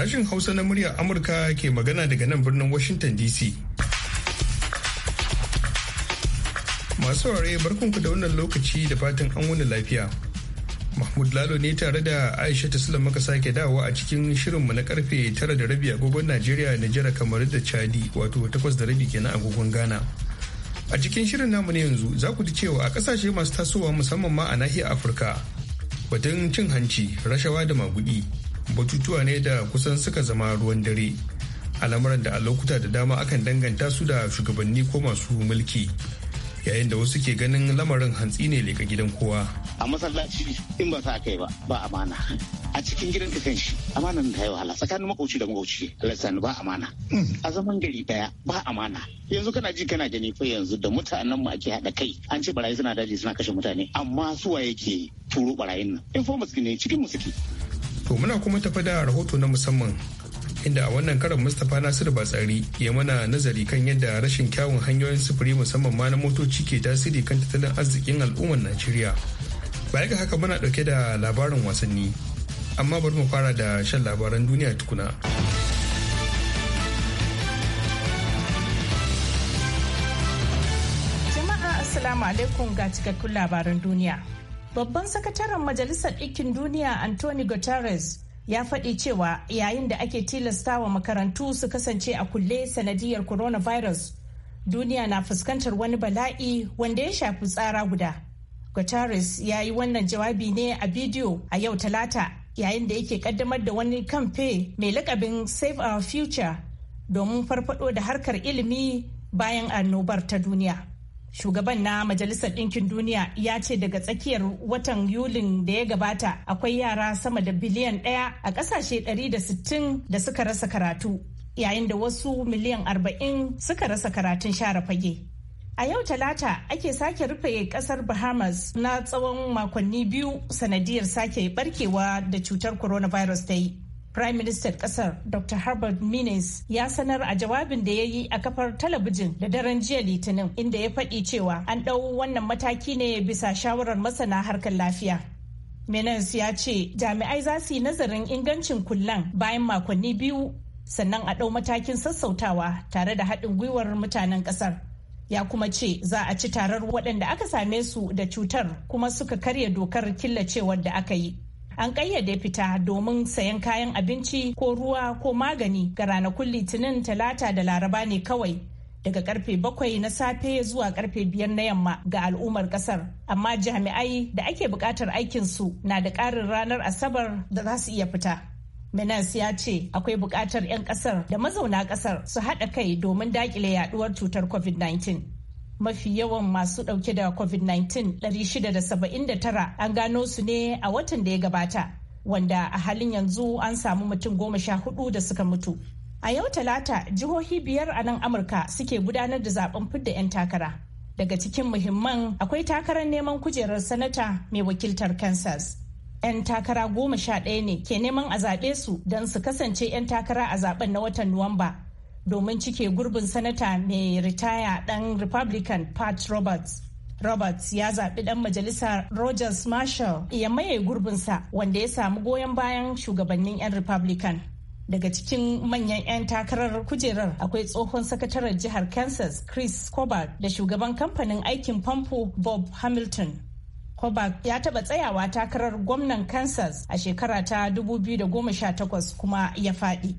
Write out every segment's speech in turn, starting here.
Sashin Hausa na murya Amurka ke magana daga nan birnin Washington DC. Masu ware barkunku da wannan lokaci da fatan an wani lafiya. Mahmud Lalo ne tare da Aisha sula maka sake dawowa a cikin shirin mu na karfe tara da rabi agogon Najeriya, Nijar kamar da Chadi wato takwas da rabi kenan agogon Ghana. A cikin shirin namu ne yanzu za ku ji cewa a kasashe masu tasowa musamman ma a nahiyar Afirka batun cin hanci, rashawa da magudi batutuwa ne da kusan suka zama ruwan dare al'amuran da a lokuta da dama akan danganta su da shugabanni ko masu mulki yayin da wasu ke ganin lamarin hantsi ne leka gidan kowa a masallaci in ba sa kai ba ba amana a cikin gidan ka shi amana ta yi wahala tsakanin makauci da makauci alasan ba amana a zaman gari daya ba amana yanzu kana ji kana gani fa yanzu da mutanen mu ake hada kai an ce barayi suna daji suna kashe mutane amma su waye ke turo barayin nan informers ne cikin mu suke To muna kuma tafi da rahoto na musamman inda a wannan karan Mustapha Nasiru Batsari ya mana nazari kan yadda rashin kyawun hanyoyin sufuri musamman ma na motoci ke tasiri kan tattalin arzikin al'ummar Najeriya. Baya ga haka muna ɗauke da labarin wasanni. Amma bari mu fara da shan labaran duniya tukuna. Jama'a Assalamu alaikum ga cikakkun labaran duniya. Babban sakataren Majalisar Ɗinkin Duniya Anthony Guterres ya faɗi cewa yayin da ake tilastawa makarantu su kasance a kulle sanadiyar coronavirus duniya na fuskantar wani bala'i wanda ya shafi tsara guda. Guterres ya yi wannan jawabi ne a bidiyo a yau talata yayin da yake kaddamar da wani kamfe mai lakabin Save Our Future domin farfado da harkar ilimi bayan annobar ta duniya. Shugaban na Majalisar Ɗinkin Duniya ya ce daga tsakiyar watan Yulin da ya gabata akwai yara sama da biliyan ɗaya a ƙasashe 160 da suka rasa karatu, yayin da wasu miliyan 40 suka rasa karatun share fage. A yau Talata ake sake rufe ƙasar Bahamas na tsawon makonni biyu sanadiyar sake barkewa da cutar coronavirus ta yi. Prime Minister kasar Dr. Herbert Minnes ya sanar a jawabin da ya yi a kafar talabijin da daren jiya Litinin inda ya faɗi cewa an ɗau wannan mataki ne bisa shawarar masana harkar lafiya. Minnes ya ce jami'ai za su yi nazarin ingancin kullan bayan makonni biyu sannan a ɗau matakin sassautawa tare da haɗin gwiwar mutanen ƙasar. ya kuma ce za a ci tarar waɗanda aka same su da cutar kuma suka karya dokar killacewar da aka yi. an ƙayyade fita domin sayan kayan abinci ko ruwa ko magani ga ranakun litinin talata da laraba ne kawai daga karfe bakwai na safe zuwa karfe biyar na yamma ga al'ummar kasar amma jami'ai da ake bukatar aikinsu na da ƙarin ranar asabar da za su iya fita Menas ya ce akwai bukatar 'yan kasar da mazauna kasar su haɗa kai domin daƙile yaduwar cutar covid-19 mafi yawan masu dauke da covid-19 679 an gano su ne a watan da ya gabata wanda a halin yanzu an samu mutum goma sha hudu da suka mutu a yau talata jihohi biyar a nan amurka suke gudanar da zaben fidda 'yan takara daga cikin muhimman akwai takarar neman kujerar sanata mai wakiltar kansas 'yan takara goma sha ɗaya ne ke neman a zaɓe su don su kasance 'yan takara a zaben na watan nuwamba domin cike gurbin sanata mai ritaya dan republican pat roberts roberts ya zaɓi ɗan majalisa rogers marshall ya maye gurbinsa wanda ya samu goyon bayan shugabannin 'yan republican daga cikin manyan 'yan takarar kujerar akwai tsohon sakataren jihar kansas chris cobalt da shugaban kamfanin aikin famfo bob hamilton Kobach ya taɓa tsayawa takarar gwamnan Kansas a shekara ta 2018 kuma ya faɗi.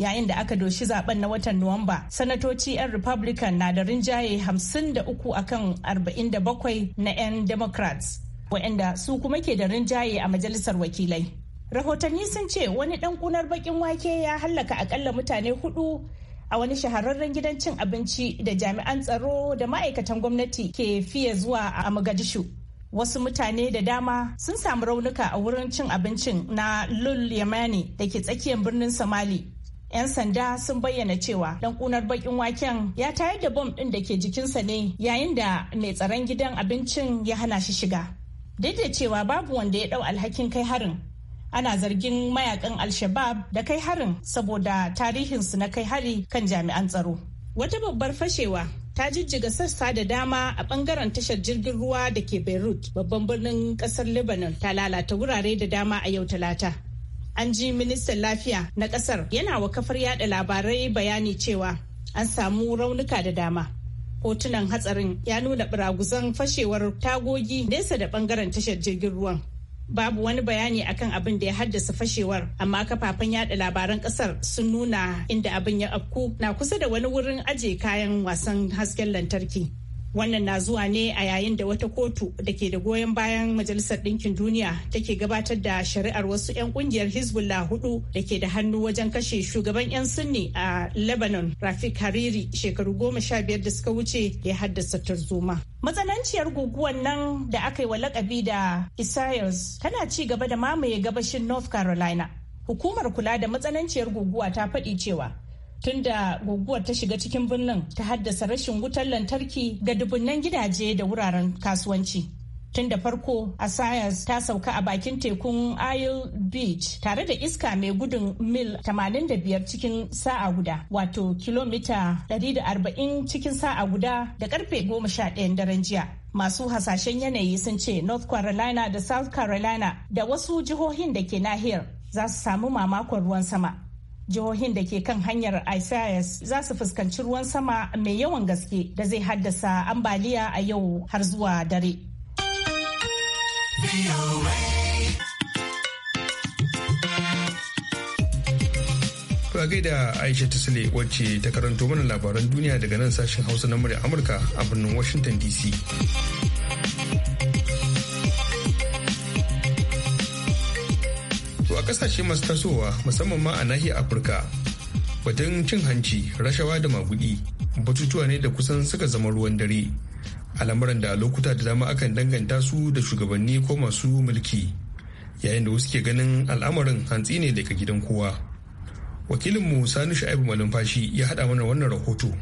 yayin da aka doshi zaben na watan nuwamba sanatoci 'yan republican na da rinjaye 53 akan 47 na 'yan democrats waɗanda su kuma ke da rinjaye a majalisar wakilai rahotanni sun ce wani ɗan kunar bakin wake ya hallaka akalla mutane hudu a wani shahararren gidan cin abinci da jami'an tsaro da ma'aikatan gwamnati ke fiye zuwa a mogadishu wasu mutane da dama sun samu raunuka a wurin cin abincin na lul yamani da ke tsakiyar birnin somali 'yan sanda sun bayyana cewa dan kunar bakin waken ya tayar da bom ɗin da ke jikinsa ne yayin da mai tsaron gidan abincin ya hana shi shiga duk da cewa babu wanda ya ɗau alhakin kai harin ana zargin mayakan Alshabab da kai harin saboda tarihinsu na kai hari kan jami'an tsaro wata babbar fashewa ta jijjiga sassa da dama a bangaren tashar jirgin ruwa da ke beirut babban birnin kasar lebanon ta lalata wurare da dama a yau talata an ji ministan lafiya na kasar yana wa kafar yada labarai bayani cewa an samu raunuka da dama hotunan hatsarin ya nuna buraguzan fashewar tagogi nesa da bangaren tashar jirgin ruwan babu wani bayani akan abin da ya haddasa fashewar amma kafafen yada labaran kasar sun nuna inda abin ya afku na kusa da wani wurin aje kayan wasan hasken lantarki Wannan na zuwa ne a yayin da wata kotu da ke da goyon bayan Majalisar Ɗinkin Duniya take gabatar da shari'ar wasu 'yan kungiyar Hezbollah hudu da ke da hannu wajen kashe shugaban 'yan Sunni a Lebanon Rafik Hariri shekaru goma sha biyar da suka wuce ya haddasa tarzoma. Matsananciyar guguwar nan da aka yi wa lakabi da Isaias tana ci gaba da mamaye gabashin North Carolina. Hukumar kula da matsananciyar guguwa ta faɗi cewa tun da guguwar ta shiga cikin birnin ta haddasa rashin wutar lantarki ga dubunnan gidaje da wuraren kasuwanci. tun da farko a science ta sauka a bakin tekun isle beach tare da iska mai gudun mil 85 cikin sa'a guda wato kilomita 140 cikin sa'a guda da karfe 11 daren jiya masu hasashen yanayi sun ce north carolina da south carolina da wasu jihohin da ke nahiyar za su samu mamakon ruwan sama jihohin da ke kan hanyar isaias za su fuskanci ruwan sama mai yawan gaske da zai haddasa ambaliya a yau har zuwa dare To gaida Aisha Tisle wacce ta karanto mana labaran duniya daga nan sashen Hausa na murya Amurka a birnin Washington DC. kasashe masu tasowa musamman ma a nahiyar afirka batun cin hanci rashawa da magudi batutuwa ne da kusan suka zama ruwan dare al'amuran da lokuta da dama akan danganta su da shugabanni ko masu mulki yayin da wasu ke ganin al'amarin hantsi ne daga gidan kowa wakilinmu sani sha'ibu malumfashi ya haɗa mana wannan rahoto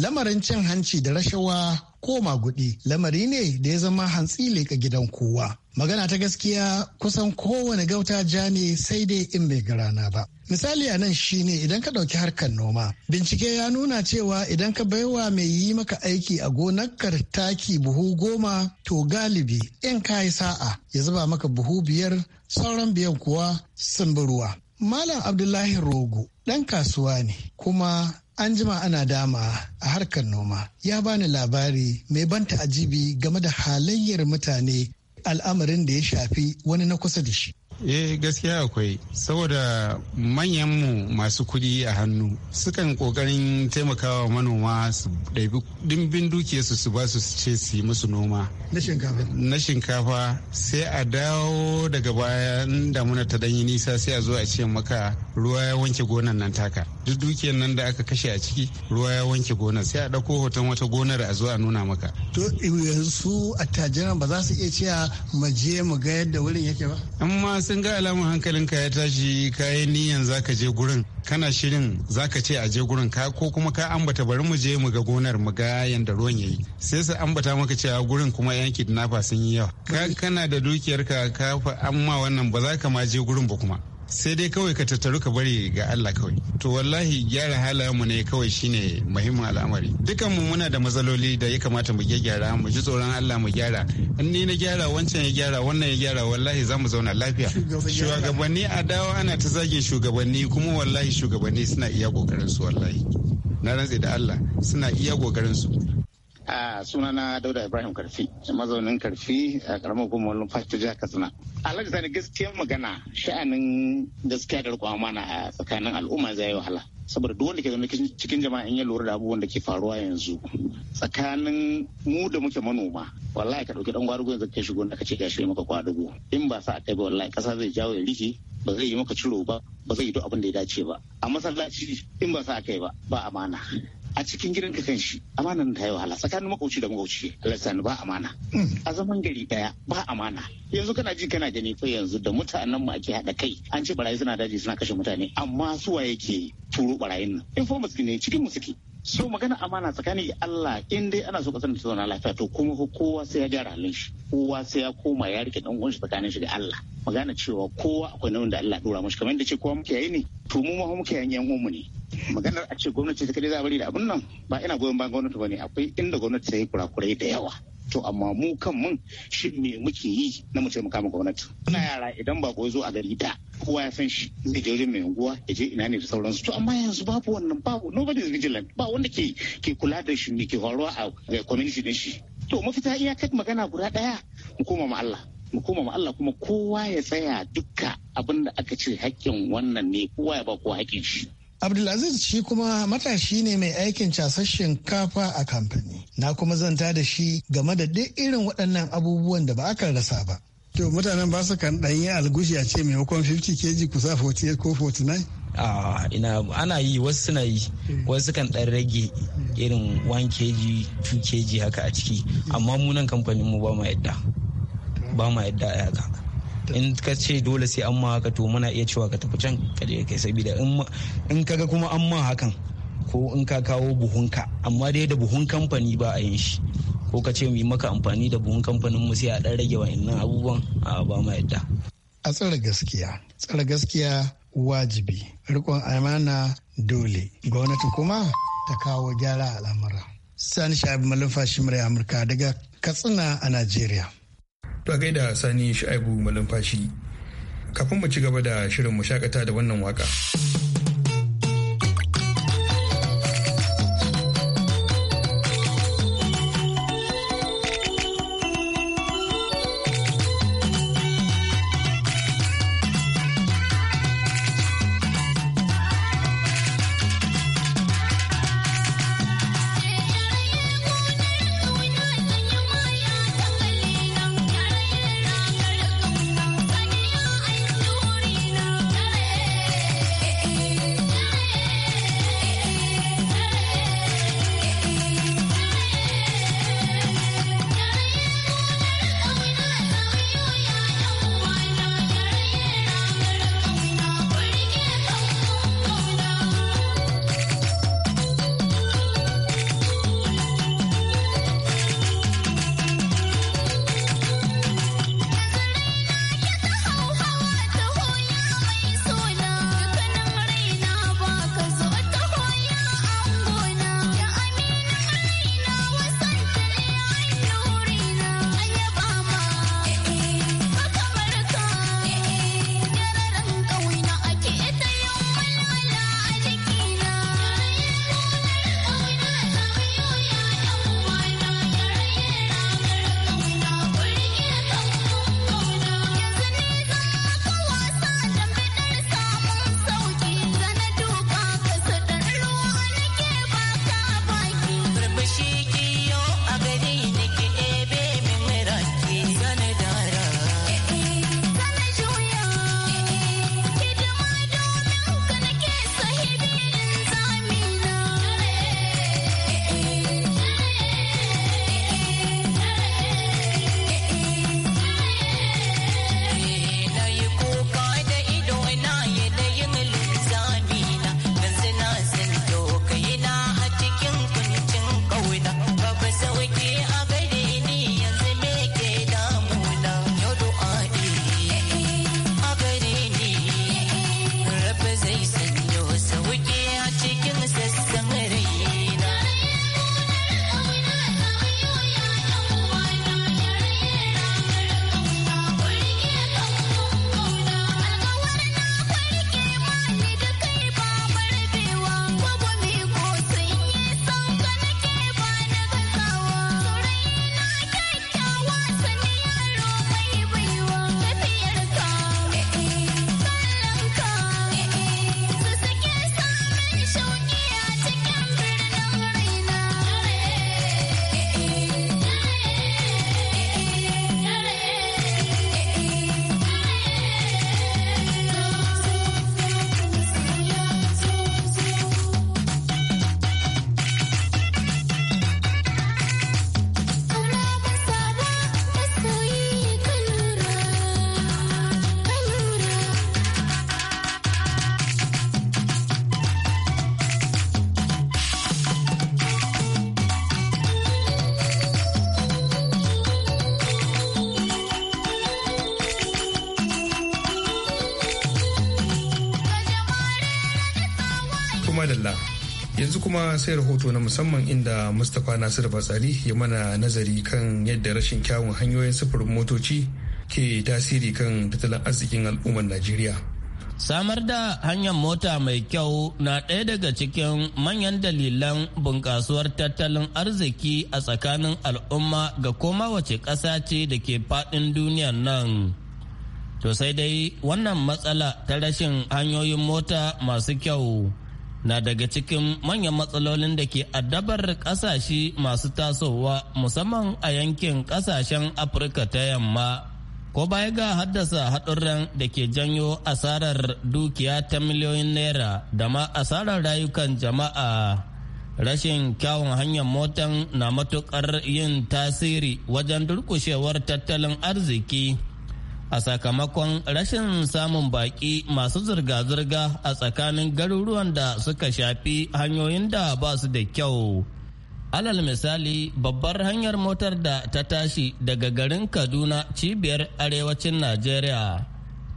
lamarin cin hanci da rashawa ko magudi lamari ne da ya zama hantsi leka gidan kowa magana ta gaskiya kusan kowane gauta ja ne sai dai in bai garana ba misali a nan shine idan ka ɗauki harkar noma bincike ya nuna cewa idan ka baiwa mai yi maka aiki a gonakar taki buhu goma to galibi in ka yi sa'a ya zuba maka buhu biyar sauran biyan kuwa sun ruwa malam abdullahi rogo ɗan kasuwa ne kuma an jima ana dama a harkar noma ya bani labari mai ban ta'ajibi game da halayyar mutane al'amarin da ya shafi wani na kusa da shi eh gaskiya akwai saboda manyan manyanmu masu kuɗi a hannu sukan kokarin taimakawa manoma su ɗabi dimbin dukiyarsu su ba su ce su yi musu noma na shinkafa na shinkafa sai a dawo daga baya damuna ta danyi nisa sai a zo a ce maka ruwa ya wanke gonan nan taka duk dukiyar nan da aka kashe a ciki ruwa ya wanke gonar sai a ɗauko hoton wata gonar a zo a nuna maka to yanzu attajiran ba za su iya cewa mu je mu ga yadda wurin yake ba amma sun ga alamun hankalinka ya tashi kayan niyan ka je gurin kana shirin za ka ce a je gurin ka ko kuma ka ambata bari mu je mu ga gonar mu ga yanda ruwan yayi sai su ambata maka cewa gurin kuma yan kidnapper sun yi yawa kana da dukiyarka ka fa amma wannan ba za ka ma je gurin ba kuma sai dai kawai ka tattaru ka bari ga Allah kawai to wallahi gyara mu ne kawai shine muhimmin al'amari dukan mu muna da matsaloli da ya kamata mu gyara mu ji tsoron Allah mu gyara in ni na gyara wancan ya gyara wannan ya gyara wallahi za mu zauna lafiya shugabanni a dawo ana ta zagin shugabanni kuma wallahi shugabanni suna iya kokarin su wallahi na rantse da Allah suna iya kokarin su a sunana dauda ibrahim karfi mazaunin karfi a karamar hukumar lumfashi ta jihar katsina alhaji sani gaskiyar magana sha'anin gaskiya da riƙon amana a tsakanin al'umma zai yi wahala saboda duk wanda ke zaune cikin jama'a in ya lura da abubuwan da ke faruwa yanzu tsakanin mu da muke manoma wallahi ka dauki dan gwarugo yanzu ka shigo da ce ga shi maka kwadugo in ba sa a kai ba wallahi kasa zai jawo ya rike ba zai yi maka ciro ba ba zai yi duk abin da ya dace ba a masallaci in ba sa a kai ba ba amana a cikin gidan ka kan shi amanan ta yi wahala tsakanin makauci da makauci Allah ba amana a zaman gari daya ba amana yanzu kana ji kana gani fa yanzu da mutanen mu ake hada kai an ce barayi suna daji suna kashe mutane amma suwa ke turo barayin nan informers ne cikin mu suke so magana amana tsakanin Allah in dai ana so kasar da lafiya to kuma kowa sai ya gyara halin shi kowa sai ya koma ya rike dan uwan tsakanin shi da Allah magana cewa kowa akwai nauyin da Allah dora mashi kamar yadda ce kowa muke yayi ne to mu ma muke yayin yan uwanmu ne maganar a ce gwamnati ta kai za bari da abun nan ba ina goyon bayan gwamnati ba ne akwai inda gwamnati ta yi kurakurai da yawa to amma mu kan mun shi me muke yi na mu kama gwamnati Ina yara idan ba zo a gari da kowa ya san shi zai je wajen mai unguwa ya je ina ne da sauransu to amma yanzu babu wannan babu nobody is vigilant ba wanda ke ke kula da shi ne ke horowa a community din shi to mafita kai magana guda daya mu koma ma Allah mu koma ma Allah kuma kowa ya tsaya duka abin da aka ce hakkin wannan ne kowa ya ba kowa hakkin shi Abdulaziz shi kuma matashi ne mai aikin casar shinkafa a kamfani. Na kuma zanta da shi game da duk irin waɗannan abubuwan da ba a rasa ba. To mutanen ba su kan yi algushi a ce maimakon 50 kg kusa 48 ko 49? Ah, ina ana yi wasu suna yi wasu kan ɗan rage irin 1 kg 2 kg haka a ciki amma munan kamfanin mu ba ma yadda ba ma yadda a yaka in ka ce dole sai an ma haka to muna iya cewa ka tafi can ka je kai sabida in kaga kuma an ma hakan ko in ka kawo buhunka amma dai da buhun kamfani ba a yin shi ko ka ce mu yi maka amfani da buhun kamfanin mu sai a dan rage wa'annan abubuwan a ba ma yadda a tsare gaskiya tsara gaskiya wajibi rikon amana dole gwamnati kuma ta kawo gyara al'amura sani shabi malumfashi murai amurka daga katsina a najeriya To a gaida Sani Shu'aibu Malumfashi. Kafin mu ci gaba da shirin mu shakata da wannan waka. kuma sai rahoto na musamman inda mustapha nasiru batsari ya mana nazari kan yadda rashin kyawun hanyoyin sufurin motoci ke tasiri kan tattalin arzikin al'ummar najeriya samar da hanyar mota mai kyau na ɗaya daga cikin manyan dalilan bunƙasuwar tattalin arziki a tsakanin al'umma ga koma wace ƙasa ce da ke faɗin duniyar nan to sai dai wannan matsala ta rashin hanyoyin mota masu kyau na daga cikin manyan matsalolin da ke addabar kasashe masu tasowa musamman a yankin kasashen afirka ta yamma ko baya ga haddasa haɗurran da ke janyo asarar dukiya ta miliyoyin naira da ma asarar rayukan jama'a rashin kyawun hanyar motan na matuƙar yin tasiri wajen durkushewar tattalin arziki a sakamakon rashin samun baƙi masu zirga-zirga a tsakanin garuruwan da suka shafi hanyoyin da ba su da kyau. Alal misali babbar hanyar motar da ta tashi daga garin Kaduna cibiyar arewacin Najeriya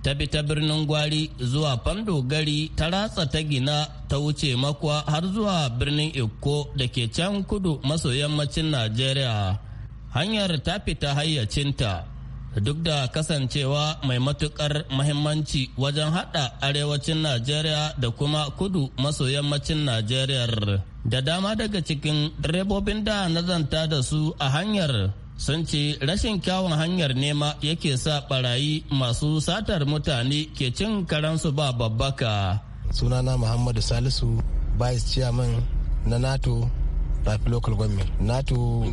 ta bi ta birnin Gwari zuwa Fando gari ta ratsa ta gina ta wuce makwa har zuwa birnin Ikko da ke can kudu maso yammacin Najeriya. Hanyar ta fita hayyacinta duk da kasancewa mai matukar mahimmanci wajen hada arewacin najeriya da kuma kudu maso yammacin najeriya da dama daga cikin direbobin da nazanta da su a hanyar sun ce rashin kyawun hanyar nema yake sa barayi masu satar mutane ke cin karansu ba babbaka sunana muhammadu salisu vice chairman na nato rafi local government nato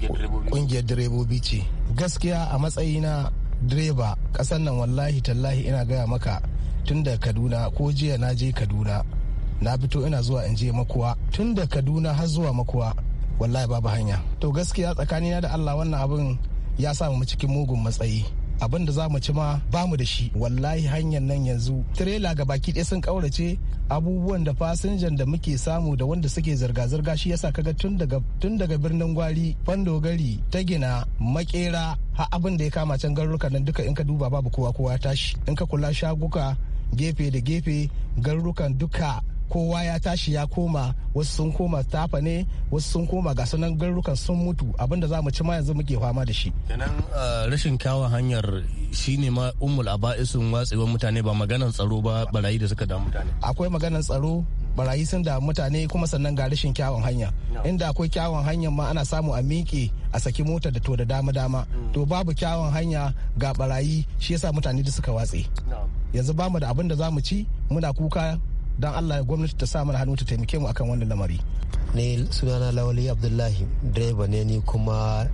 kungiyar direbobi ce gaskiya a matsayina direba kasan nan wallahi tallahi ina gaya maka tun da kaduna ko jiya na je kaduna na fito ina zuwa in je makuwa tun da kaduna har zuwa makuwa wallahi babu hanya to gaskiya tsakanina da allah wannan abin ya samu cikin mugun matsayi abin da za mu ci ma ba mu da shi wallahi hanyar nan yanzu tirela ga baki ɗaya sun ƙaurace abubuwan da fasinjan da muke samu da wanda suke zirga-zirga shi yasa kaga tun daga tun daga birnin gwari fandogari ta gina makera ha abin da ya kama can garuruka nan duka in ka duba babu kowa kowa tashi in ka kula shaguka gefe da gefe garurukan duka kowa ya tashi ya koma wasu sun koma tafa ne wasu sun koma ga sanan garurukan sun mutu abinda za mu ci ma yanzu muke fama da shi kenan uh, rashin kyawun hanyar shine ma ummul aba'isun watsewar mutane ba maganan tsaro ba barayi da suka damu mutane akwai maganan tsaro barayi sun da mutane kuma sannan ga rashin kyawun hanya inda akwai kyawun hanya ma ana samu a miƙe a saki mota da to da dama dama mm. to babu kyawun hanya ga barayi shi yasa mutane da suka watse yanzu bamu da abin da za mu ci muna kuka don allah gwamnati ta sa mana hannu ta taimake mu akan wannan lamari ne sunana lawali abdullahi direba ne ni kuma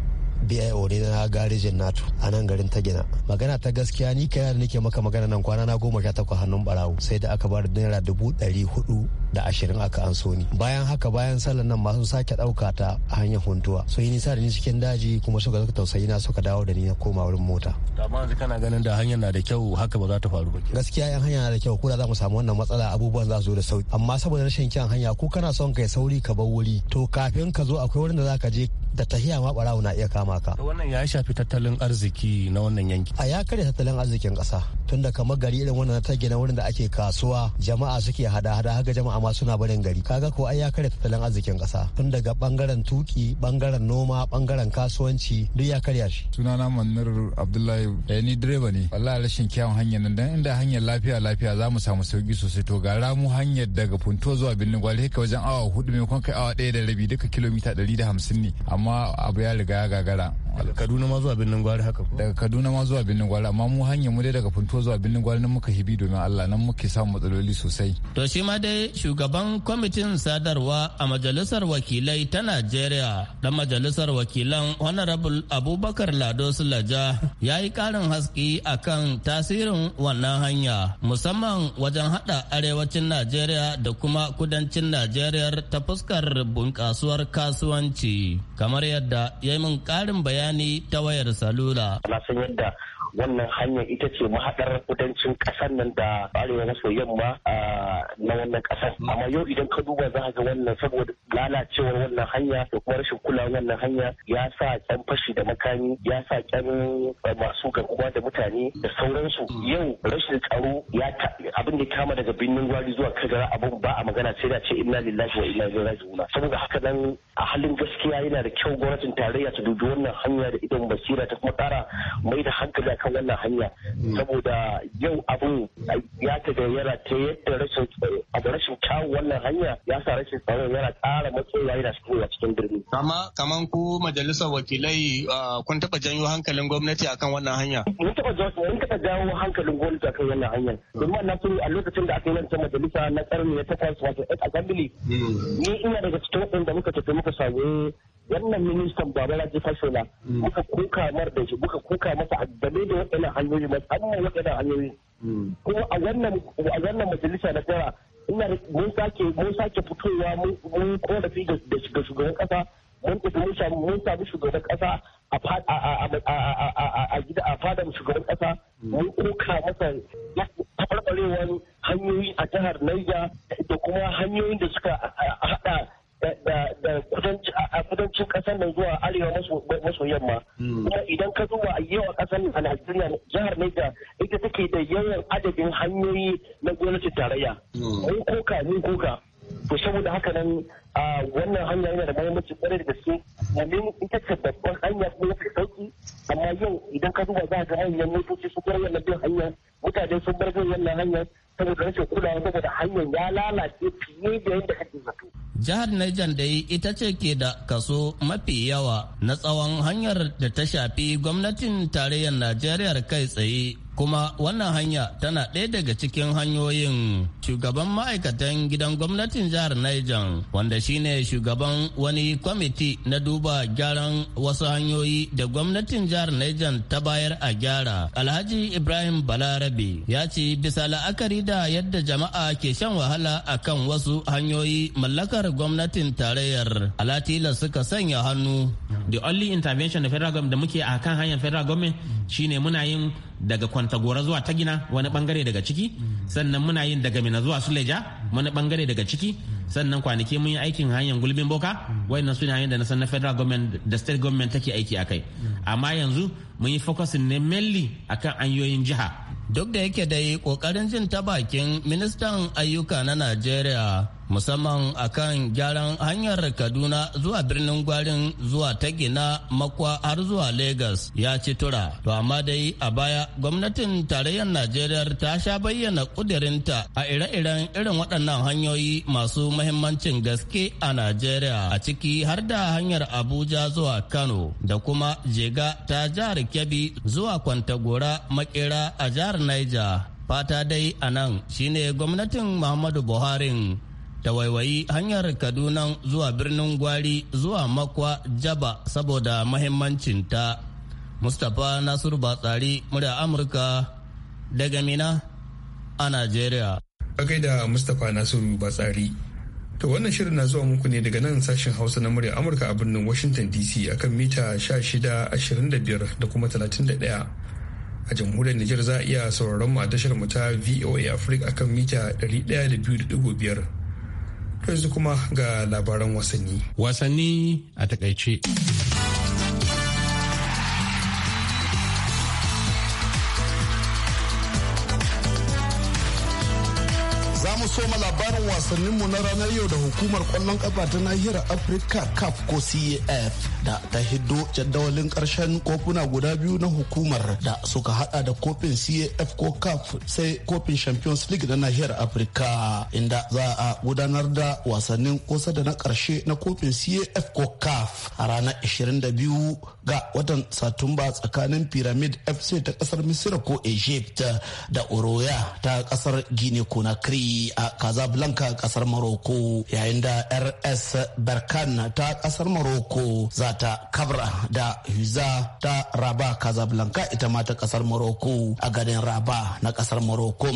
bio ne na garejin nato a nan garin ta gina magana ta gaskiya ni kai da nake maka magana nan kwana na goma sha takwas hannun barawo sai da aka bar naira dubu ɗari hudu da ashirin aka an so ni bayan haka bayan sallan nan masu sake ɗauka ta hanyar huntuwa so yi nisa da ni cikin daji kuma suka zaka tausayi na suka dawo da ni na koma wurin mota amma yanzu kana ganin da hanyar na da kyau haka ba za ta faru ba gaskiya yan hanya na da kyau ko da za mu samu wannan matsala abubuwan za su zo da sauki amma saboda rashin kyan hanya ko kana son kai sauri ka bar wuri to kafin ka zo akwai wurin da za ka je da tahiya ma barawo na iya kama ka. Wannan ya shafi tattalin arziki na wannan yanki. A ya karya tattalin arzikin kasa tunda kamar gari irin wannan ta gina wurin da ake kasuwa jama'a suke hada-hada haka jama'a dama suna barin gari kaga ko ai ya karya tattalin arzikin kasa tun daga bangaren tuki bangaren noma bangaren kasuwanci duk ya karya shi sunana manar abdullahi eh ni direba ne wallahi rashin kyawun hanyar nan dan inda hanyar lafiya lafiya za mu samu sauki sosai to ga ramu hanyar daga punto zuwa birnin gwale ka wajen awa hudu maimakon kai awa ɗaya da rabi duka kilomita ɗari da hamsin ne amma abu ya riga ya gagara daga kaduna ma zuwa birnin gwari haka ko daga kaduna ma zuwa birnin gwari amma mu hanya mu dai daga funto zuwa birnin gwari nan muka hibi domin allah nan muke samu matsaloli sosai to shi ma dai shugaban kwamitin sadarwa a majalisar wakilai ta najeriya dan majalisar wakilan honorable abubakar lado sulaja ya yi karin haske akan tasirin wannan hanya musamman wajen hada arewacin najeriya da kuma kudancin najeriya ta fuskar bunkasuwar kasuwanci kamar yadda ya yi min karin bayani bayani ta wayar salula. Na san yadda wannan hanyar ita ce mahaɗar kudancin ƙasar nan da arewa maso yamma na wannan ƙasar amma yau idan ka duba za ga wannan saboda lalacewar wannan hanya da kuma rashin kula wannan hanya ya sa ƙyan fashi da makami ya sa ƙyan masu garkuwa da mutane da sauransu yau rashin tsaro ya abin da kama daga birnin gwari zuwa kagara abun ba a magana sai da ce inna lillahi wa inna ilaihi raji'un saboda haka nan a halin gaskiya yana da kyau gwamnatin tarayya ta dubi wannan hanya da idan basira ta kuma ƙara mai da hankali akan wannan hanya hmm. saboda yau abin ya tagayyara ta yadda rashin abu rashin kyawun wannan hanya ya sa rashin tsaron yana ƙara matsayi yana a cikin birni. Amma kaman ku majalisar wakilai kun taɓa janyo hankalin gwamnati akan wannan hanya. Mun taɓa mun taɓa jawo hankalin gwamnati akan wannan hanya. Hmm. Domin wannan a lokacin da aka yi ta majalisa na tsarin ya takwas wato assembly. Hmm. Ni ina daga cikin waɗanda muka tafi muka samu wannan ministan babalaji fashola mm. muka kuka mar da shi muka kuka masa a game da wadannan hanyoyi musamman waɗannan hanyoyi mm. kuma a wannan majalisa na tsara ina mun sake mun sake fitowa mun korafi da shugaban kasa mun tafi mun samu mun samu shugaban kasa a a fadar shugaban kasa mm. mun kuka masa tabarbarewar hanyoyi a jihar Niger da kuma hanyoyin da suka hada da kudancin kasar nan zuwa arewa maso yamma hmm. kuma idan ka duba yawa kasar a najeriya jihar niger ita take da yawan adadin hanyoyi na gwamnatin tarayya hmm. mun koka mun koka to saboda haka nan wannan hanya yana da mahimmanci kwarai da gaske domin ita ce babban hanya kuma mafi sauki amma yau idan ka duba za ka hanyar motoci su bar wannan bin hanyar mutane sun bar bin wannan hanyar saboda rashin kulawa saboda hanyar ya lalace fiye da yadda ake Jihar Niger dai ita ce ke da kaso mafi yawa na tsawon hanyar da ta shafi gwamnatin tarayyar Najeriya kai tsaye kuma wannan hanya tana ɗaya daga cikin hanyoyin shugaban ma'aikatan gidan gwamnatin jihar Niger wanda shine shugaban wani kwamiti na duba gyaran wasu hanyoyi da gwamnatin jihar Niger ta bayar a gyara Alhaji Ibrahim Balarabe ya ce bisa la'akari da yadda jama'a ke shan wahala akan wasu hanyoyi mallakar gwamnatin tarayyar alatila suka sanya hannu. The only intervention da federal government da muke a kan hanyar federal government shine muna yin daga kwantagora zuwa ta gina wani bangare daga ciki mm. sannan muna yin daga na zuwa suleja wani bangare daga ciki sannan kwanaki mun yi aikin hanyar gulbin boka wayannan su ne hanyar da na san federal government da state government take aiki akai amma yanzu mun yi focusing ne mainly akan anyoyin jiha duk da yake dai kokarin jin ta bakin ministan ayyuka na najeriya musamman a kan gyaran hanyar kaduna zuwa birnin gwarin zuwa ta gina makwa har zuwa Legas ya ci tura to amma dai a baya gwamnatin tarayyar najeriya ta sha bayyana kudirinta a ire-iren irin waɗannan hanyoyi masu mahimmancin gaske a najeriya a ciki har da hanyar abuja zuwa kano da kuma jega ta jihar kebbi zuwa kwantagora makera a jihar niger fata dai a nan shine gwamnatin muhammadu buhari ta waiwayi hanyar kaduna zuwa birnin gwari zuwa makwa jaba saboda mahimmancinta mustapha nasiru batsari murya amurka daga mina a nigeria kai da mustapha nasiru batsari to wannan shirin na zuwa muku ne daga nan sashen hausa na murya amurka a birnin washington dc akan mita 1625 da kuma 31 a jamhuriyar Nijar za a iya sauraron mu a tashar mu ta VOA Africa akan mita 102.5 yanzu kuma ga labaran wasanni. Wasanni a takaice. soma labarin wasanninmu na ranar yau da hukumar kwallon kafa ta nahiyar Afirka CAF ko CAF da ta hiddo jadawalin karshen kofuna guda biyu na hukumar da suka hada da kofin CAF ko CAF sai kofin Champions League na nahiyar Afirka inda za a gudanar da wasannin kusa da na karshe na kofin CAF ko CAF a ranar 22 ga watan Satumba tsakanin Pyramid FC ta kasar Misira ko Egypt da Oroya ta kasar Guinea Conakry a a Casablanca kasar Morocco yayin da RS Berkan ta kasar Morocco za ta kabra da Huza ta Raba Casablanca ita ma ta kasar Morocco a garin Raba na kasar Morocco.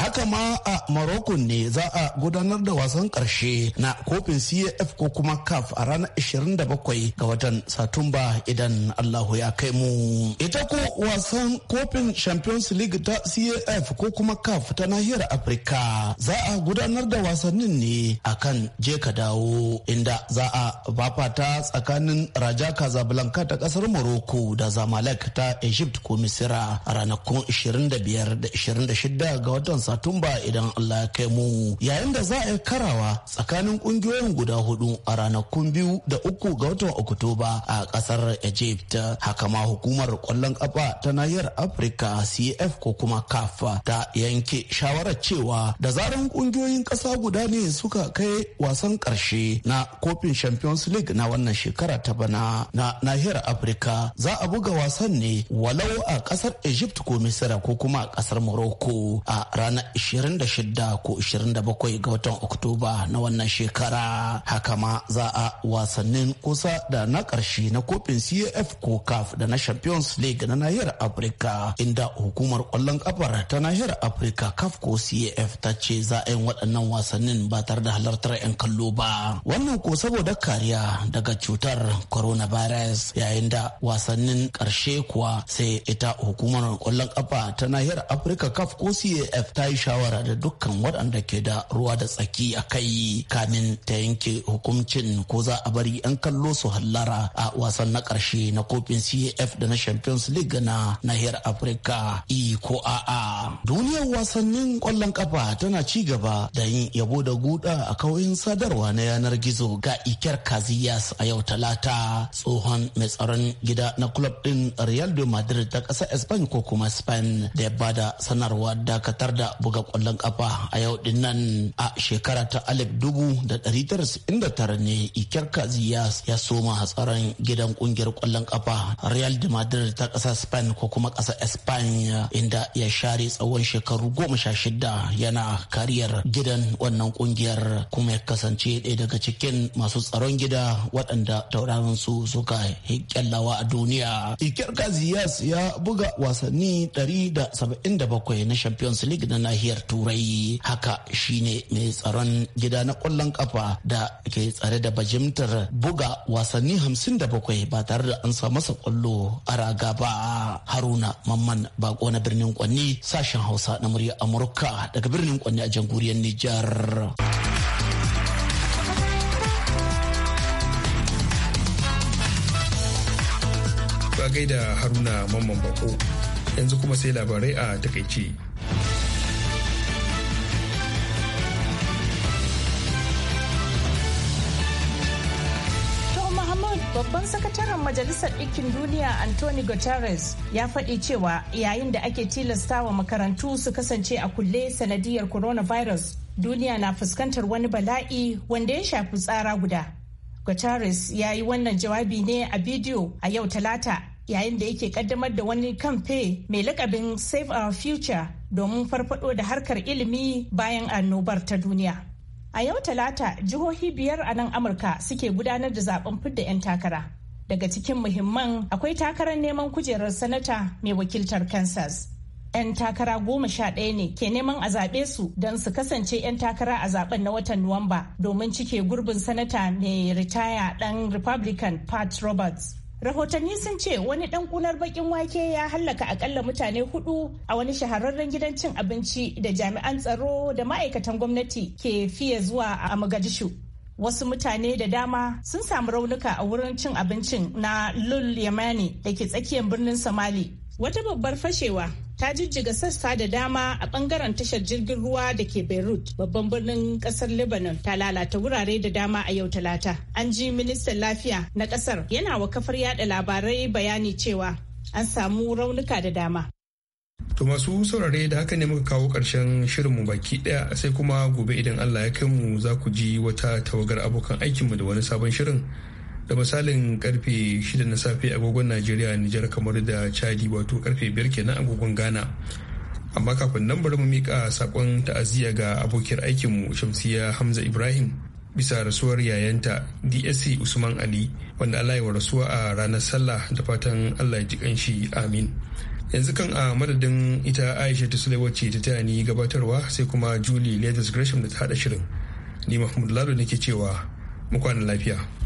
Haka ma a Morocco ne za a gudanar da wasan karshe na kofin CAF ko kuma CAF a ranar 27 ga watan Satumba idan Allahu ya kai mu. Ita ko wasan kofin Champions League ta CAF ko kuma CAF ta nahiyar Afirka za a gudanar da wasannin ne akan je ka dawo inda za a fafata tsakanin Raja Casablanca ta kasar Morocco da Zamalek ta Egypt ko Misira a ranakun 25 da 26 ga watan Satumba idan Allah ya kai mu. Yayin da za a yi karawa tsakanin kungiyoyin guda hudu a ranakun biyu da uku ga watan Oktoba a kasar Egypt. Haka ma hukumar kwallon kafa ta nahiyar Afirka CF ko kuma CAF ta yanke shawarar cewa da zaran kungiyoyin ƙasa guda ne suka kai wasan ƙarshe na kofin champions league na wannan shekara ta bana na nahiyar afirka za a buga wasan ne walau a ƙasar egypt ko misira ko kuma a ƙasar morocco a ranar 26 ko 27 ga watan oktoba na wannan shekara haka ma za a wasannin kusa da na ƙarshe na kofin caf ko caf da na champions league na nahiyar afirka inda hukumar ƙwallon ƙafar ta nahiyar afirka caf ko caf ta ce za waɗannan wasannin ba tare da halartar 'yan kallo ba wannan ko saboda kariya daga cutar coronavirus yayin da wasannin ƙarshe kuwa sai ita hukumar kwallon kafa ta nahiyar afirka caf ko caf ta yi shawara da dukkan waɗanda ke da ruwa da tsaki a kai kamin ta yanke hukuncin ko za a bari 'yan kallo su hallara a wasan na ƙarshe na kofin caf da na champions league na nahiyar afirka e ko a'a duniyar wasannin kwallon kafa tana ci gaba da yin yabo da guda a kauyin sadarwa na yanar gizo ga Iker kaziyas a yau talata tsohon mai tsaron gida na club din Real de Madrid da ƙasa Spain ko kuma Spain da ya bada sanarwa dakatar da buga kwallon kafa a yau din nan a shekara ta alif dubu da ɗari tara ne Iker Casillas ya soma tsaron gidan kungiyar kwallon kafa Real de Madrid ta kasa Spain ko kuma ƙasar Spain inda ya share tsawon shekaru goma sha shida yana kariya tsakiyar gidan wannan kungiyar kuma ya kasance ɗaya daga cikin masu tsaron gida waɗanda tauraron su suka hikyallawa a duniya. Ikir Kaziyas ya buga wasanni 177 na Champions League na nahiyar Turai. Haka shine mai tsaron gida na ƙwallon kafa da ke tsare da bajimtar buga wasanni 57 ba tare da an sa masa ƙwallo a raga ba. Haruna Mamman Bako na birnin Kwanni sashen Hausa na murya Amurka daga birnin Kwanni a jamhuriyar Nijar. Ba gaida Haruna Mamman Bako, yanzu kuma sai labarai a takaice. Majalisar ɗikin Duniya Anthony Guterres ya faɗi cewa yayin da ake tilastawa makarantu su kasance a kulle sanadiyar coronavirus duniya na fuskantar wani bala'i wanda ya shafi tsara guda. Guterres ya yi wannan jawabi ne a bidiyo a yau talata yayin da yake kaddamar da wani kamfe mai lakabin Save Our Future domin farfado da harkar ilimi bayan annobar ta duniya. A yau talata jihohi biyar a nan Amurka suke gudanar da zaben fidda 'yan takara. daga cikin muhimman akwai takarar neman kujerar sanata mai wakiltar kansas 'yan takara goma sha ɗaya ne ke neman a zaɓe su don su kasance 'yan takara a zaɓen na watan nuwamba domin cike gurbin sanata mai ritaya ɗan republican pat roberts rahotanni sun ce wani ɗan kunar bakin wake ya hallaka akalla mutane hudu a wani shahararren gidan cin abinci da jami'an tsaro da ma'aikatan gwamnati ke fiye zuwa a mogadishu wasu mutane da dama sun samu raunuka a wurin cin abincin na lul yamani da ke tsakiyar birnin somali wata babbar fashewa ta jijjiga sassa da dama a bangaren tashar jirgin ruwa da ke beirut babban birnin kasar lebanon ta lalata wurare da dama a yau talata an ji ministan lafiya na kasar yana wa kafar yada labarai bayani cewa an samu raunuka da dama To masu saurare da haka ne muka kawo ƙarshen shirinmu baki ɗaya sai kuma gobe idan Allah ya kai mu za ku ji wata tawagar abokan aikinmu da wani sabon shirin da misalin karfe 6 na safe agogon Najeriya Nijar kamar da Chadi wato karfe biyar kenan agogon Ghana. Amma kafin nan bari mu mika sakon ta'aziyya ga abokiyar aikinmu Shamsiya Hamza Ibrahim bisa rasuwar yayanta DSC Usman Ali wanda Allah ya rasuwa a ranar sallah da fatan Allah ya ji kanshi amin. yanzu kan a madadin ita aisha ta sulewa ce ta taya ni gabatarwa sai kuma julie latest gresham da ta hada shirin ni mahmud ne nake cewa mu kwana lafiya